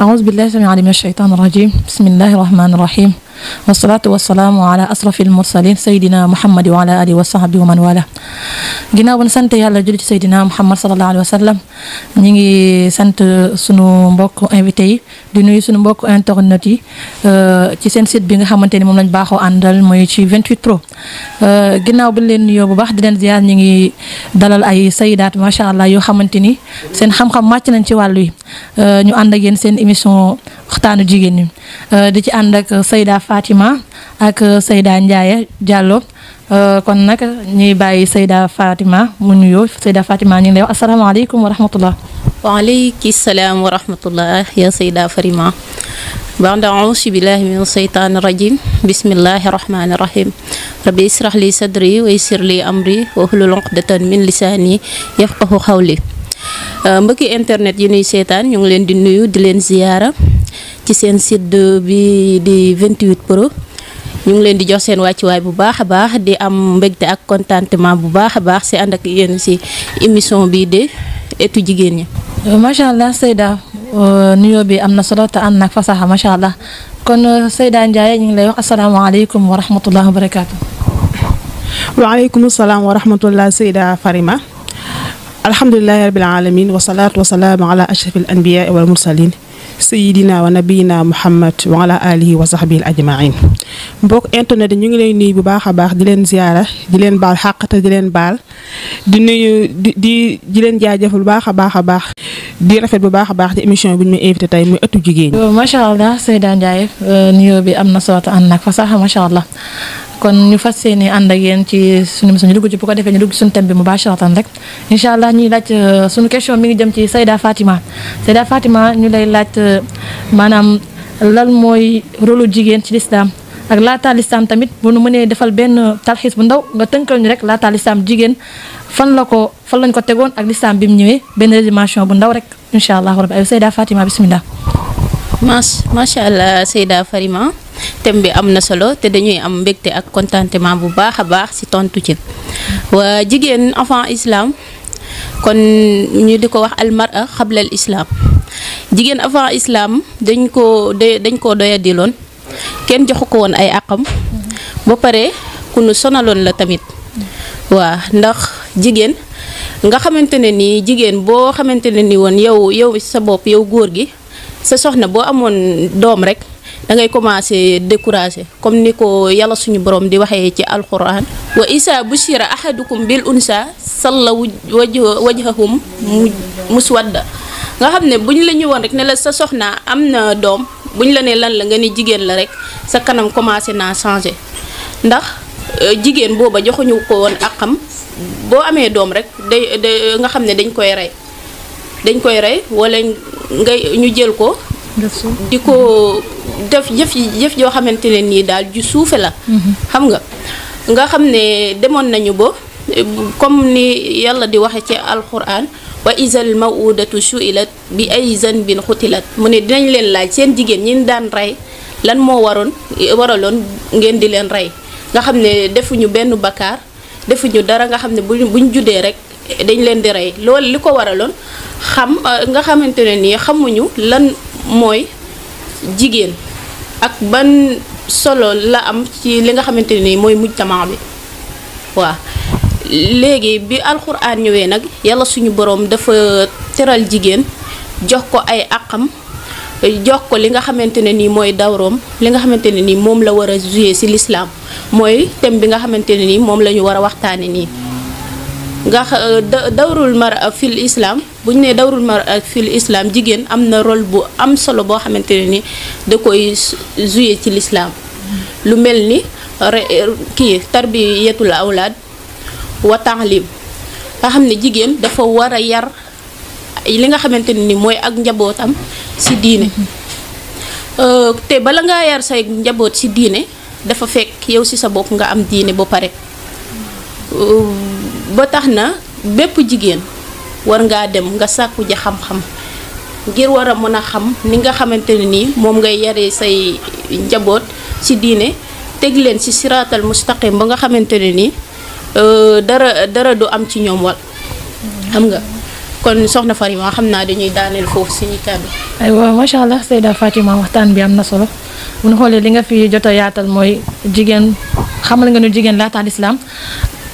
أعوذ بالله سميع علي من الشيطان الرجيم بسم الله الرحمن الرحيم wasalaatu wasalaamu ala asrafil mursalin saydina muhammad wa ala alihi wa sahbi wa man wala ginnaaw ba sant yalla julli ci saydina muhammad salallahu alayhi wa sallam ñi ngi sant sunu mbokk invité yi di nuyu sunu mbokk internet yi euh, ci seen site bi nga xamante ni moom lañ baaxoo àndal mooy ci 28 pro euh, ginnaaw ba leen nuyoo bu baax di leen ziar ñi ngi dalal ay saydaat macha allah yoo xamante ni seen xam-xam màcc nañ ci wàllu yi euh, ñu ànd ak seen émission waxtaanu jigéen ñi euh, di ci ànd ak euh, Seyda Fatima ak euh, Seyda Ndiaye Diallo kon nag ñuy bàyyi Seyda mu nuyoo Seyda Fatima ñu ngi lay wax asalaamaaleykum wa rahmatullah waaleyki salaam wa rahmatullah ya Seyda Farima internet yi nuy seetaan ñu ngi leen di nuyu di leen ziyaara ci seen site bi di 28 pro ñu ngi leen di jox seen wàccuwaay bu baax a baax di am mbégte ak contentement bu baax a baax si ànd ak yéen si émission bii de etu jigéen ñi. Euh, macha allah Seyda euh, nuyoo bi am na solo te ànd nag fasax macha allah kon euh, Seyda Ndiaye ñu ngi lay wax asalaamaaleykum wa rahmatulah wa barakaatu. waaleykum salaam wa rahmatulah Seyda Farima. alhamdulilah rabil aalamiin wasalaatu wasalaam ala ashrafil anbiyaa wal mursaliin sayidina wa nabiyina muhammad wa ala alihi wa ajmain mbokk internet ñu ngi lay nuyu bu baax a baax di leen ziara di leen baal xàq te di leen baal di nuyu di di di leen jaajëfal bu baax a baax a baax di rafet bu baax a baax ci émission bi ñu invité tey muy ëttu jigéen ñi. macha allah Seyda Ndiaye euh, nuyoo bi am na soo ànd nag fa ma macha allah. kon ñu fas yéene ànd ak yéen ci suñu suñu ci bu ko defee ñu dugg suñu thème bi mu baasharatan rek incha allah ñuy laaj euh, suñu question mi ngi jëm ci Seyda Fatima Seyda Fatima maanaam lan mooy rôlu jigéen ci lislaam ak laataa lislaam tamit bu nu mënee defal benn talxiis bu ndaw nga tënkal ñu rek laataa lislaam jigéen fan la ko fan lañ ko tegoon ak lislaam bi mu ñëwee benn résumation bu ndaw rek incha allah rabbi ay Seyda Fatima bismillah macha allah Seyda Farima thème bi am na solo te dañuy am mbégte ak contentement bu baax a baax ci tontu ci waa jigéen avant islam kon ñu di ko wax almara xablal islaam jigéen avant islaam dañ koo dañ koo doyadiloon kenn joxu ko woon ay àqam ba pare ku nu sonaloon la tamit waa ndax jigéen nga xamante ne nii jigéen boo xamante ne ni woon yow yow sa bopp yow góor gi sa soxna boo amoon doom rek da ngay commencé découragé comme ni ko yàlla suñu borom di waxee ci alquran wa isa bushira ahadukum bil unsa salla wajhahum muswadda nga xam ne bu ñu la ñëwoon rek ne la sa soxna am na doom bu ñu la nee lan la nga ne jigéen la rek sa kanam commencé naa changé ndax euh, jigéen booba joxuñu ko woon àqam boo amee doom rek day day nga xam ne dañ koy rey dañ koy rey walla ngay ñu jël ko. di ko def jëf jëf joo xamante ne nii daal ju suufe la. Mm-hmm. xam nga nga xam ne demoon nañu ba. comme ni yàlla di waxe ci alquran wa isal mawudatu suilat bi ay bin xutilat mu ne dinañ leen laaj seen jigéen ñi daan rey lan moo waroon waraloon ngeen di leen rey nga xam ne defuñu benn bakkaar defuñu dara nga xam ne buñ buñ juddee rek dañ leen di rey loolu li ko waraloon xam euh, nga xamante ne nii xamuñu lan mooy jigéen ak ban solo la am ci li nga xamante ne nii mooy mujtama bi waaw léegi bi alxuraan ñëwee nag yàlla suñu boroom dafa teral jigéen jox ko ay àqam jox ko li nga xamante ne nii mooy dawroom li nga xamante ne nii moom la war a jouer ci lislaam mooy thème bi nga xamante ne nii moom la war a waxtaane nii nga dawrul mara fil islaam bu ñu nee dawrul mara fil islam jigéen am na rôle bu am solo boo xamante ne ni da koy jouer ci l'islam lu mel ni kii tarbiyatul awlaad wa taalim nga xam ne jigéen dafa war a yar li nga xamante ne ni mooy ak njabootam ci diine euh, te bala ngaa yar say njaboot ci diine dafa fekk yow ci sa bopp nga am diine ba pare euh, ba tax na bépp jigéen war ngaa dem nga sàkku ja xam ngir war a mën a xam ni nga xamante ne nii moom ngay yaree say njaboot ci diine teg leen ci siraatal mustaqim ba nga xamante ne nii Euh, dara dara du am ci ñoom wal xam nga kon soxna Farima xam naa dañuy daaneel foofu suñu kàddu. aywa macha allah Seyda Fatima waxtaan bi am na solo bu ñu xoolee li nga fi jot yaatal mooy jigéen xamal nga nu jigéen laataa lislaam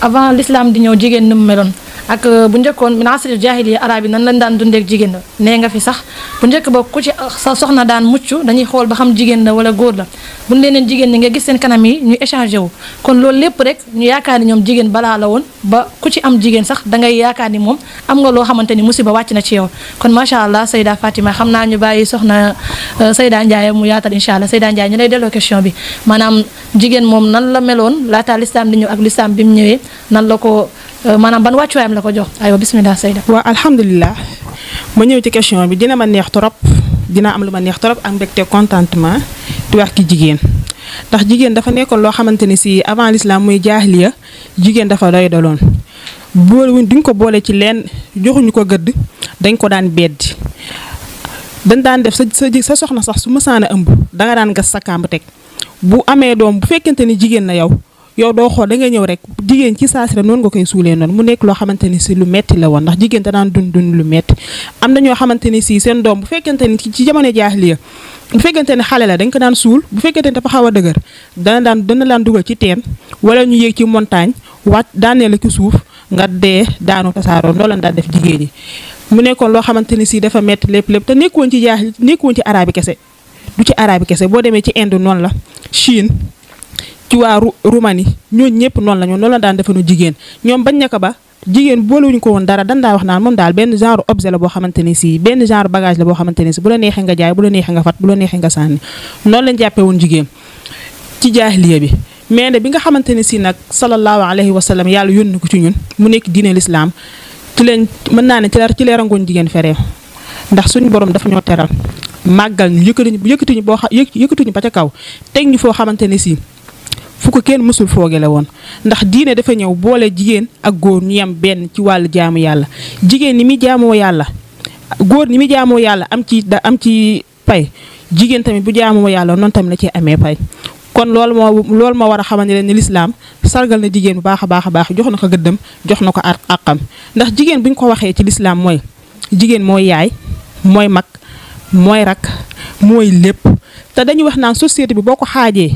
avant lislaam di ñëw jigéen ni mu meloon. ak euh, bu njëkkoon min asril jaahiliya arab yi nan lañ daan dundeek jigéen la nee nga fi sax bu njëkk ba ku ci euh, sa soxna daan mucc dañuy xool ba xam jigéen la wala góor la buñ leeneen jigéen ni nga gis seen kanam yi ñu échangé wu kon loolu lépp rek ñu yaakaar ni ñoom jigéen balaa la woon ba ku ci am jigéen sax dangay yaakaar ni moom am nga loo xamante ni musiba wàcc na ci yow kon macha allah Seyda Fatima xam naa ñu bàyyi soxna euh, Seyda Ndiaye mu yaatal incha allah Seyda Ndiaye ñu lay delloo question bi manaam jigéen moom nan la meloon laata lislaam di ñëw ak lislaam bi mu ñëwee nan la ko Euh, maanaam ban wàccuwaayam la ko jox aywa bisimilah Seyda. waaw alhamdulilah ma ñëw ci question bi dina ma neex trop dina am lu ma neex trop ak mbégte contentement di ki jigéen ndax jigéen dafa nekkoon loo xamante ne si avant l'islam muy jaahiliya jigéen dafa doy daloon boolewuñ duñ ko boole ci leen joxuñu ko gëdd dañ ko daan beddi dañ daan def sa sa soxna sax su mësaan a ëmb danga daan gas sa kàmb teg bu amee doom bu fekkente ni jigéen na yow yow doo xool da ñëw rek jigéen ci saasi rek noonu nga koy suulee noonu mu nekk loo xamante ne si lu metti la woon ndax jigéen da daan dun dund lu metti am na ñoo xamante ne si seen doom bu fekkente ni ci jamono jaahiliya bu fekkente ne xale dañ ko daan suul bu fekkente ne dafa xaw a dëgër dana daan dana daan dugal ci teen wala ñu yéeg ci montagne wàcc daanee la ci suuf nga dee daanu tasaaroo loolu lañ daan def jigéen ñi mu nekkoon loo xamante ne si dafa metti lépp lépp te nekkoon ci jaahil nekkoon ci arabi kese du ci arabi kese boo demee ci Inde noonu la Chine ci waa Roumanie ñooñ ñëpp noonu la ñu noonu la daan defanu jigéen ñoom bañ ñaka ba jigéen boolewuñu ko woon dara dan daa wax naan moom daal benn genre objet la boo xamante ne si benn genre bagage la boo xamante ne si bu la neexee nga jaay bu la neexee nga fat bu la neexee nga sànni noonu lañ jàppee woon jigéen ci jaahiliya bi mais ne bi nga xamante ne si nag sallallahu alayhi wa sallam yàlla yónni ko ci ñun mu nekk diine lislaam ci leen mën naa ne ci leer ci leerangoon jigéen feree ndax suñu borom dafa ñoo teral màggal ñu yëkkatuñu yëkkatuñu boo yëkkatuñu ba ca kaw teg ñu foo xamante ne si fu ko kenn mësul foogele woon ndax diine dafa ñëw boole jigéen ak góor ñu yem benn ci wàllu jaamu yàlla jigéen ni muy jaamoo yàlla góor ni muy jaamoo yàlla am ci da am ci pay jigéen tamit bu jaamoo yàlla noonu tamit la ci amee pay kon loolu moo loolu moo war a xamante ne lislaam sargal na jigéen bu baax a baax a baax jox na ko gëddam jox na ko ar àqam ndax jigéen bu ñu ko waxee ci lislaam mooy jigéen mooy yaay mooy mag mooy rakk mooy lépp te dañuy wax naan société bi boo ko xaajee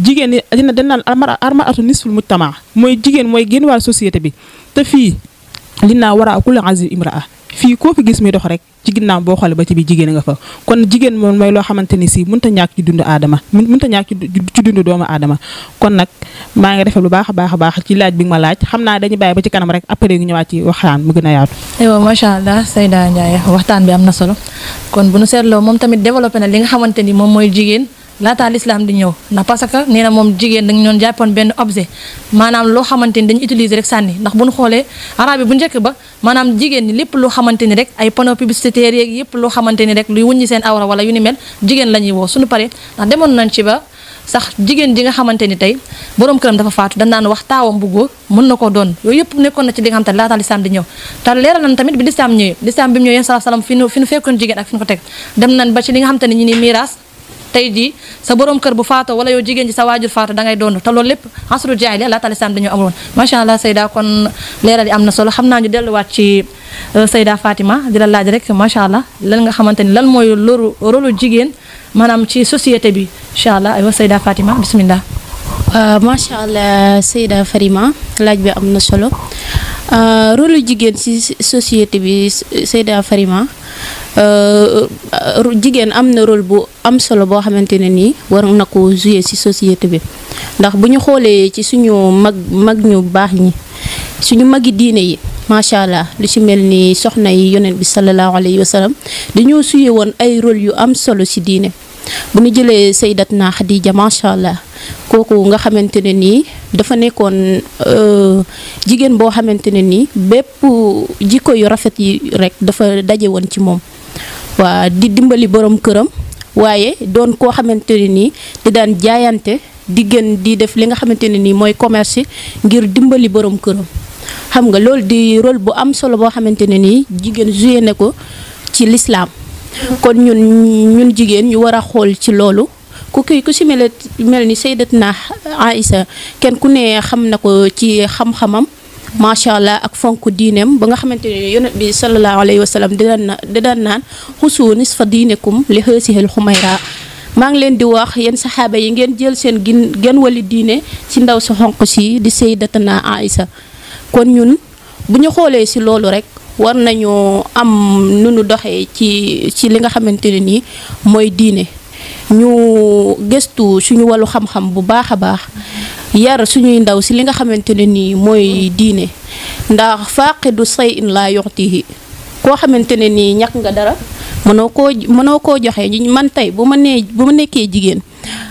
jigéen ñi dina dañ naan arma arma atu nisful mujtama mooy jigéen mooy génn waa société bi te fii li naa war a kulli azim imraa fii koo fi gis muy dox rek ci ginnaaw boo xoolee ba ci biir jigéen nga fa kon jigéen moom mooy loo xamante ni si mënut a ñàkk ci dundu aadama mënut a ñàkk ci dundu doomu aadama kon nag maa ngi rafet lu baax a baax a baax ci laaj bi ma laaj xam naa dañu bàyyi ba ci kanam rek après ñu ñëwaat ci waxtaan mu a yaatu. aywa macha allah waxtaan bi am na solo kon bu nu seetloo moom tamit développé na li nga xamante ni moom mooy jigéen. laataa l'islam di ñëw ndax parce que nee na moom jigéen dañu doon jàppoon benn objet maanaam loo xamante ni dañu utiliser rek sànni ndax bu ñu xoolee arabe bu njëkk ba maanaam jigéen ñi lépp loo xamante ni rek ay panneau publicitaire yeeg yépp loo xamante ni rek luy wuññi seen awra wala yu ni mel jigéen la ñuy woo suñu paree ndax demoon nañ ci sax jigéen ji nga xamante ni tey borom këram dafa faatu dañ naan wax taawam bu góor mën na ko doon yooyu yëpp nekkoon na ci li nga xam te laataa lislaam di ñëw te leeral nañ tamit bi lislaam ñëwee lislaam bi ñëwee salaam fi nu fi nu fi nu ko teg dem nañ xam te ni ñu ni miiras tey jii sa borom kër bu faato wala yow jigéen ji sa waajur faato dangay doon te loolu lépp asru jaahili allah taala amoon macha allah Seyda kon leeral yi am na solo xam naa delluwaat ci euh, Seyda Fatima di la laaj rek macha allah lan nga xamante ni lan mooy loru rôlu jigéen maanaam ci société bi incha allah aywa Seyda Fatima bismillah. Euh, macha allah Seyda Farima laaj bi am na solo euh, rôlu jigéen si societé bi Seyda Farima. Euh, euh, jigéen am na rôle bu am solo boo xamante ne nii war na ko jouer si société bi ndax bu ñu xoolee ci suñu mag mag ñu baax ñi suñu magi diine yi macha allah lu si mel ni soxna yi yonent bi sallallahu alayhi wa sallam dañoo woon ay rôle yu am solo ci diine bu ñu jëlee sayyidatna Xadija macha allah kooku nga xamante ne nii dafa nekkoon euh, jigéen boo xamante ne nii bépp jikko yu rafet yi rekk dafa daje woon ci moom. waa di dimbali borom këram waaye doon koo xamante ne nii di daan jaayante di gën di def li nga xamante ne nii mooy commerce ngir dimbali borom këram xam nga loolu di rôle bu am solo boo xamante ne nii jigéen joué ne ko ci lislaam kon ñun ñun jigéen ñu war a xool ci loolu ku kii ku si mel mel ni Sayyidatuna Aïcha kenn ku ne xam na ko ci xam-xamam macha allah ak fonk diineem ba nga xamante ne yonent bi sallallahu alayhi wa sallam daan daan naan xusu nisfa diinekum li xësihil xumayra maa ngi leen di wax yéen saxaaba yi ngeen jël seen gin gen wali diine ci ndaw sa xonq si di sayyidatuna Aïsa kon ñun bu ñu xoolee si loolu rek war nañu am nu nu doxee ci ci li nga xamante ne nii mooy diine ñu gëstu suñu wàllu xam-xam bu baax a baax yar suñuy ndaw si li nga xamante ne nii mooy diine ndax faaqidu say in laa yoxtihi koo xamante ne nii ñakk nga dara mënoo ko mënoo koo joxe man tey bu ma nee bu ma nekkee jigéen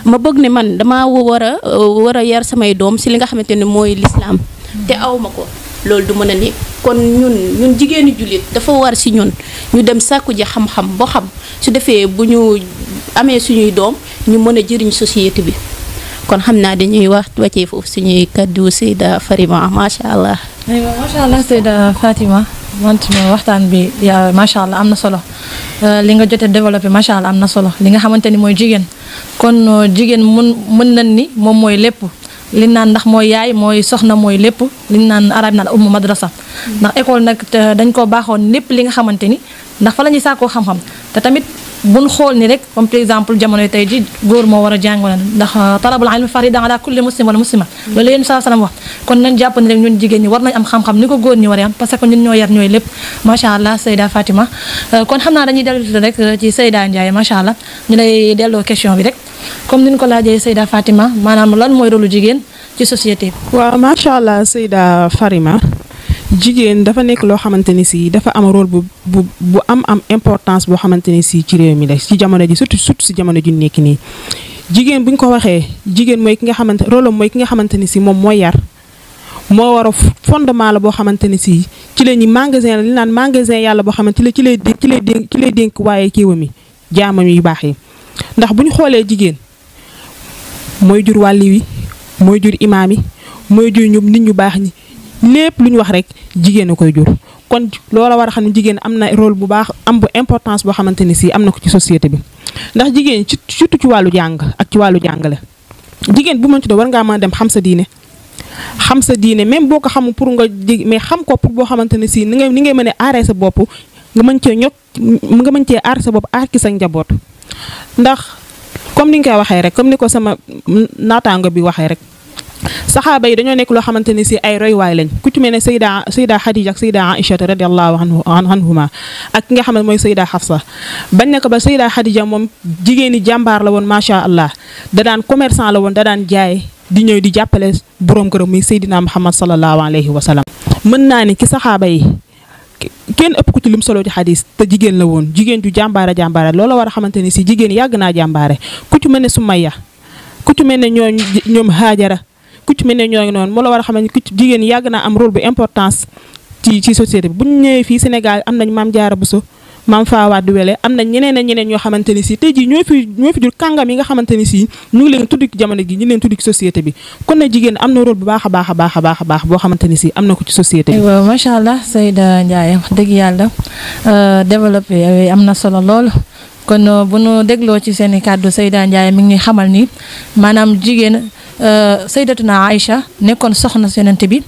ma bëgg ne man dama war a war a yar samay doom si li nga xamante ni mooy lislaam te awma ko loolu du mën a ne kon ñun ñun jigéenu jullit dafa war si ñun ñu dem sàkku ji xam-xam boo xam su defee bu ñu amee suñuy doom ñu mën a jëriñ societé bi kon xam naa dañuy wax wàccee foofu suñuy kaddu Seyda Farima macha allah. aywa macha allah Seyda Fatima man waxtaan bi yaa macha allah am na solo euh, li nga jotee développé macha allah am na solo li nga xamante ni mooy jigéen kon euh, jigéen mun mën nañ ni moom mooy lépp. li naan ndax mooy yaay mooy soxna mooy lépp li naan arab naan ummu madrasa ndax école nag dañ koo baaxoon lépp li nga xamante ni ndax fa la ñuy xam-xam te tamit buñ xool ni rek comme par exemple jamono tey ji góor moo war a jàng na ndax ah, talabul ilmi farida ala kulli muslim wala muslima loolu yéen saa salaam wax kon nañ jàpp ni rek ñun jigéen ñi war nañ am xam-xam ni ko góor ñi war am parce que ñun ñoo yar ñooy lépp macha allah Seyda Fatima euh, kon xam naa dañuy dellu rek euh, ci Seyda Ndiaye macha allah ñu lay delloo question bi rek comme ni ñu ko laajee Seyda Fatima maanaam lan mooy rolu jigéen ci société bi. waaw macha allah Seyda Farima. jigéen dafa nekk loo xamante ne si dafa am rôle bu bu bu am am importance boo xamante ne si ci réew mi la si jamono ji surtout surtout si jamono ju nekk nii jigéen bu ñu ko waxee jigéen mooy ki nga xamante rôle am mooy ki nga xamante ne si moom yar moo war fondement la boo xamante ne si ci la ñu magasin la li naan magasin yàlla boo xamante la ci lay ci lay dénk dénk waaye kéwam yi jaamam yu baax yi ndax bu ñu xoolee jigéen mooy jur wàlli mooy jur imaam yi mooy jur ñoom nit ñu baax ñi lépp lu ñu wax rek jigéen a koy jur kon loola war a xam ne jigéen am na rôle bu baax am bu importance boo xamante ne si am na ko ci société bi ndax jigéen ci surtout ci wàllu jàng ak ci wàllu jàngale jigéen bu mën ci doon war nga mën dem xam sa diine xam sa diine même boo ko xamul pour nga ji mais xam ko pour boo xamante ne si ni ngay ni ngay mën a aaree sa bopp nga mën cee ñot nga mën cee aar sa bopp aar ki sa njaboot ndax comme ni nga koy waxee rek comme ni ko sama naataango bi waxee rek. saxaaba yi dañoo nekk loo xamante ne si ay roywaay lañ ku ci mel ne sayda sayda Xadija ak sayda Aïcha radiallahu anhuma ak ki nga xam ne mooy sayda Xafsa bañ na ko ba sayda Xadija moom jigéeni jàmbaar la macha allah da daan commerçant la woon da daan jaay di ñëw di jàppale borom këram muy Seydina Muhammad sallallahu alayhi wa sallam mën naa ne ci saxaaba yi kenn ëpp ku ci solo ci xadis te jigéen la woon jigéen ju jàmbaare jàmbaare loola war a xamante ne si jigéen yàgg naa jàmbaare ku ci mel ne Sumayya ku ci mel ne ñooñ ñoom Haajara ku ci mel ne ñoo ngi noonu moo la war a xam ne ku ci jigéen yàgg naa am rôle bu importance ci ci société bi bu ñëwee fii Sénégal am nañ maam Jaara ñeneen ñeneen ñoo xamante ne si tey jii ñoo fi ñoo yi nga xamante ne si ñu ngi leen tudd ci jamono gi ñu ngi leen tudd ci société bi bu baax a baax a baax a a am na ko ci société bi. waaw macha allah Seyda Ndiaye wax dëgg yàlla euh, développé euh, am na solo lool. kon euh, bu nu dégloo ci seen i kàddu Seyda Ndiaye mi ngi xamal ni maanaam jigéen Euh, saydatuna Aïcha nekkoon soxna si yonent bi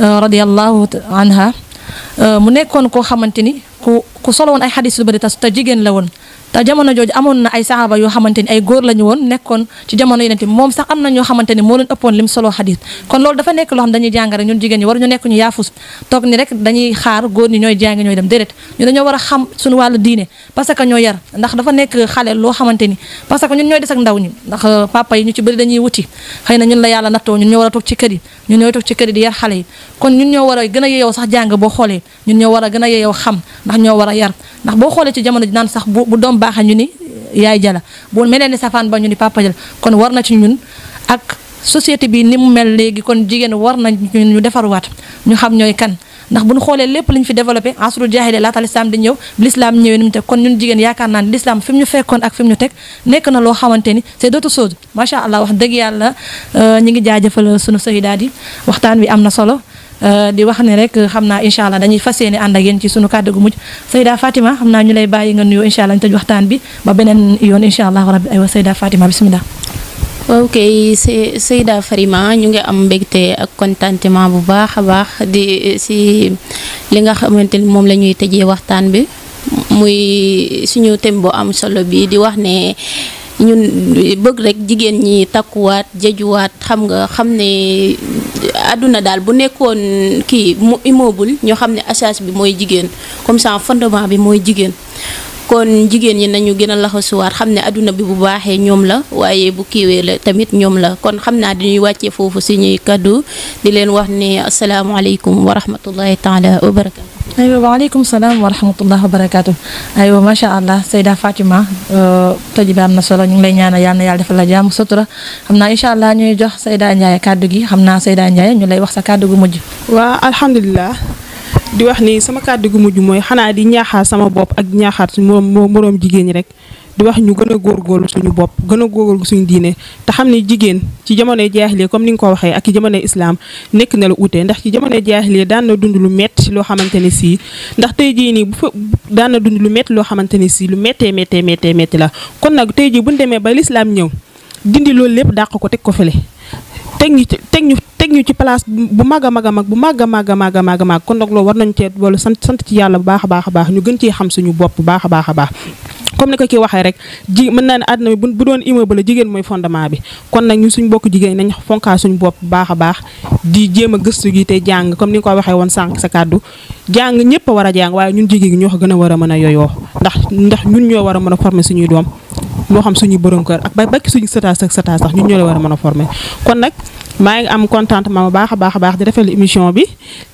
euh, radiallahu anha euh, mu nekkoon koo xamante ni ku ku solowoon ay xadis lu bëri tas te jigéen la woon te jamono jooju amoon na ay saxaaba yoo xamante ni ay góor la woon nekkoon ci jamono yeneen tamit moom sax am na ñoo moo leen ëppoon lim solo xadis kon loolu dafa nekk loo xam a xam suñu wàllu diine parce que ñun ñooy des ndaw ñi ndax euh, papa yi ñu ci bëri dañuy wuti xëy na ñun la yàlla nattoo ñun ñoo war a toog ci kër yi ñun ñooy toog ci kër di yar xale yi kon ñun ñoo war a gën a yeeyow sax jàng a a xam ndax ñoo war a yar ndax boo xoolee ci jamono ji naan sax bu doom baax ñu ni yaay jala bu mel ni safaan ba ñu ni papa kon war na ci ñun ak société bi ni mu mel léegi kon jigéen war na ñu defaruwaat ñu xam ñooy kan ndax bu ñu xoolee lépp li fi développé asru jaahile laata lislaam di ñëw bi lislaam ñëwee ni mu teg kon ñun jigéen yaakaar naa lislaam fi mu ñu fekkoon ak fi ñu teg nekk na loo xamante ni c'est d'autres choses macha allah wax dëgg yàlla euh, ñu ngi jaajëfal sunu sahidaat yi waxtaan wi am na solo Euh, di wax ne rek xam naa incha dañuy fas yéene ànd ak yéen ci sunu kàddu gu mujj Seyda Fatima xam naa ñu lay bàyyi nga nuyoo incha allah tëj waxtaan bi ba beneen yoon incha allah rabbi aywa Seyda Fatima bisimilah. waaw Seyda Farima ñu ngi am mbégte ak contentement bu baax a baax di si li nga xamante ni moom lañuy ñuy tëjee waxtaan bi muy suñu thème bu am solo bi di wax ne. ñun bëgg rek jigéen ñi takkuwaat jejuwaat xam nga xam ne àdduna daal bu nekkoon kii mu immeuble ñoo xam ne assage bi mooy jigéen comme ça fondement bi mooy jigéen kon jigéen ñi nañu gën a laxasuwaat xam ne àdduna bi bu baaxee ñoom la waaye bu kiiwee la tamit ñoom la kon xam naa dañuy wàccee foofu suñuy kàddu di leen wax ni asalaamualeykum wa rahmatullahi taala wa barakatu aywa waaleykum salaam wa rahmatullah wa barakaatu aywa macha allah Seyda Fatima euh, tëj bi am na solo ñu ngi lay ñaanal yal na yàlla defal la jàmm sutura xam naa incha allah ñuy jox Seyda Ndiaye kàddu gi xam naa Seyda Ndiaye ñu lay wax sa kàddu gu mujj. waa alhamdulilah di wax ni sama kàddu gu mujj mooy xanaa di ñaaxaat sama bopp ak ñaaxaat moroom moroom jigéen ñi rek. di wax ñu gën a góorgóorlu suñu bopp gën a góorgóorlu suñu diine te xam ne jigéen ci jamonoy jaahiliya comme ni nga ko waxee ak ci islaam nekk na la utee ndax ci jamonoy jaahiliya daan na dund lu metti loo xamante ne sii ndax tey jii nii bu fa daan dund lu metti loo xamante ne sii lu méttee méttee méttee métti la kon nag tey jii demee ba lislaam ñëw dindi loolu lépp dàq ko teg ko fële teg ñu teg ñu teg ñu ci place bu mag a mag a mag bu mag a mag mag a kon nag loolu war nañu cee boolu sant sant ci yàlla bu baax a baax a baax ñu gën cee xam suñu bopp bu baax a baax baax comme ni ko kii waxee rek ji mën na ne àdduna bi bu doon immeuble jigéen mooy fondement bi kon nag ñun suñ bokk jigéen nañ fonkaa suñ bopp baax a baax di jéem a gëstu gi te jàng comme ni nga ko waxee woon sànq sa kàddu jàng ñëpp a war a jàng waaye ñun jigéen ñi ñoo ko gën a war a mën a yooyoo ndax ndax ñun ñoo war a mën a former suñuy doom moo xam suñu borom kër ak ba bakki suñu sataa ak sataas sax ñun ñoo la war a mën a former kon nag maa ngi am contentement bu baax a baax a baax di rafetlu émission bi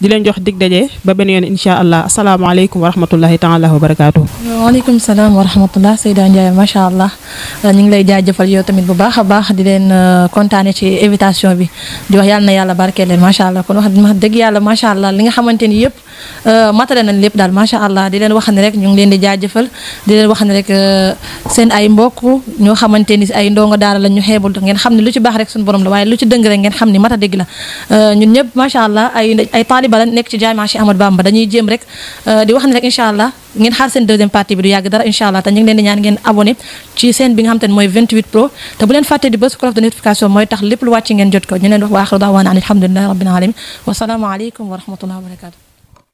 di leen jox dig daje ba benn yoon incha allah asalaamaaleykum wa rahmatullahi taala wa barakaatu. waaleykum salaam wa rahmatullah Seyda Ndiaye macha allah euh, ñu ngi lay jaajëfal yow tamit bu baax a baax di leen euh, kontaane ci invitation bi di wax yàlla na yàlla barkeel leen macha allah kon wax dëgg yàlla macha allah li nga xamante ni yëpp. Euh, matale na lépp daal macha allah di leen wax ne rek ngi leen di jaajëfal di leen wax ne rek euh, seen ay mbokk ñoo xamante ni ay ndongo daara la ñu xeebul ngeen xam ne lu ci baax rek suñu borom la lu ci dëng rek ngeen xam ne mata dégg la euh, ñun ñëpp macha allah ay ay taaliba la nekk ci jaama Cheikh Ahmadou Bamba dañuy jéem rek di wax ne rek incha allah ngeen xaar seen deuxième partie bi du yàgg dara incha allah te ñu leen ñaan ngeen abonné ci seen bi nga xam te mooy pro te bu leen fàtte di bës cloche de notification mooy tax lépp lu wàcc ngeen jot ko wa axiru daawaana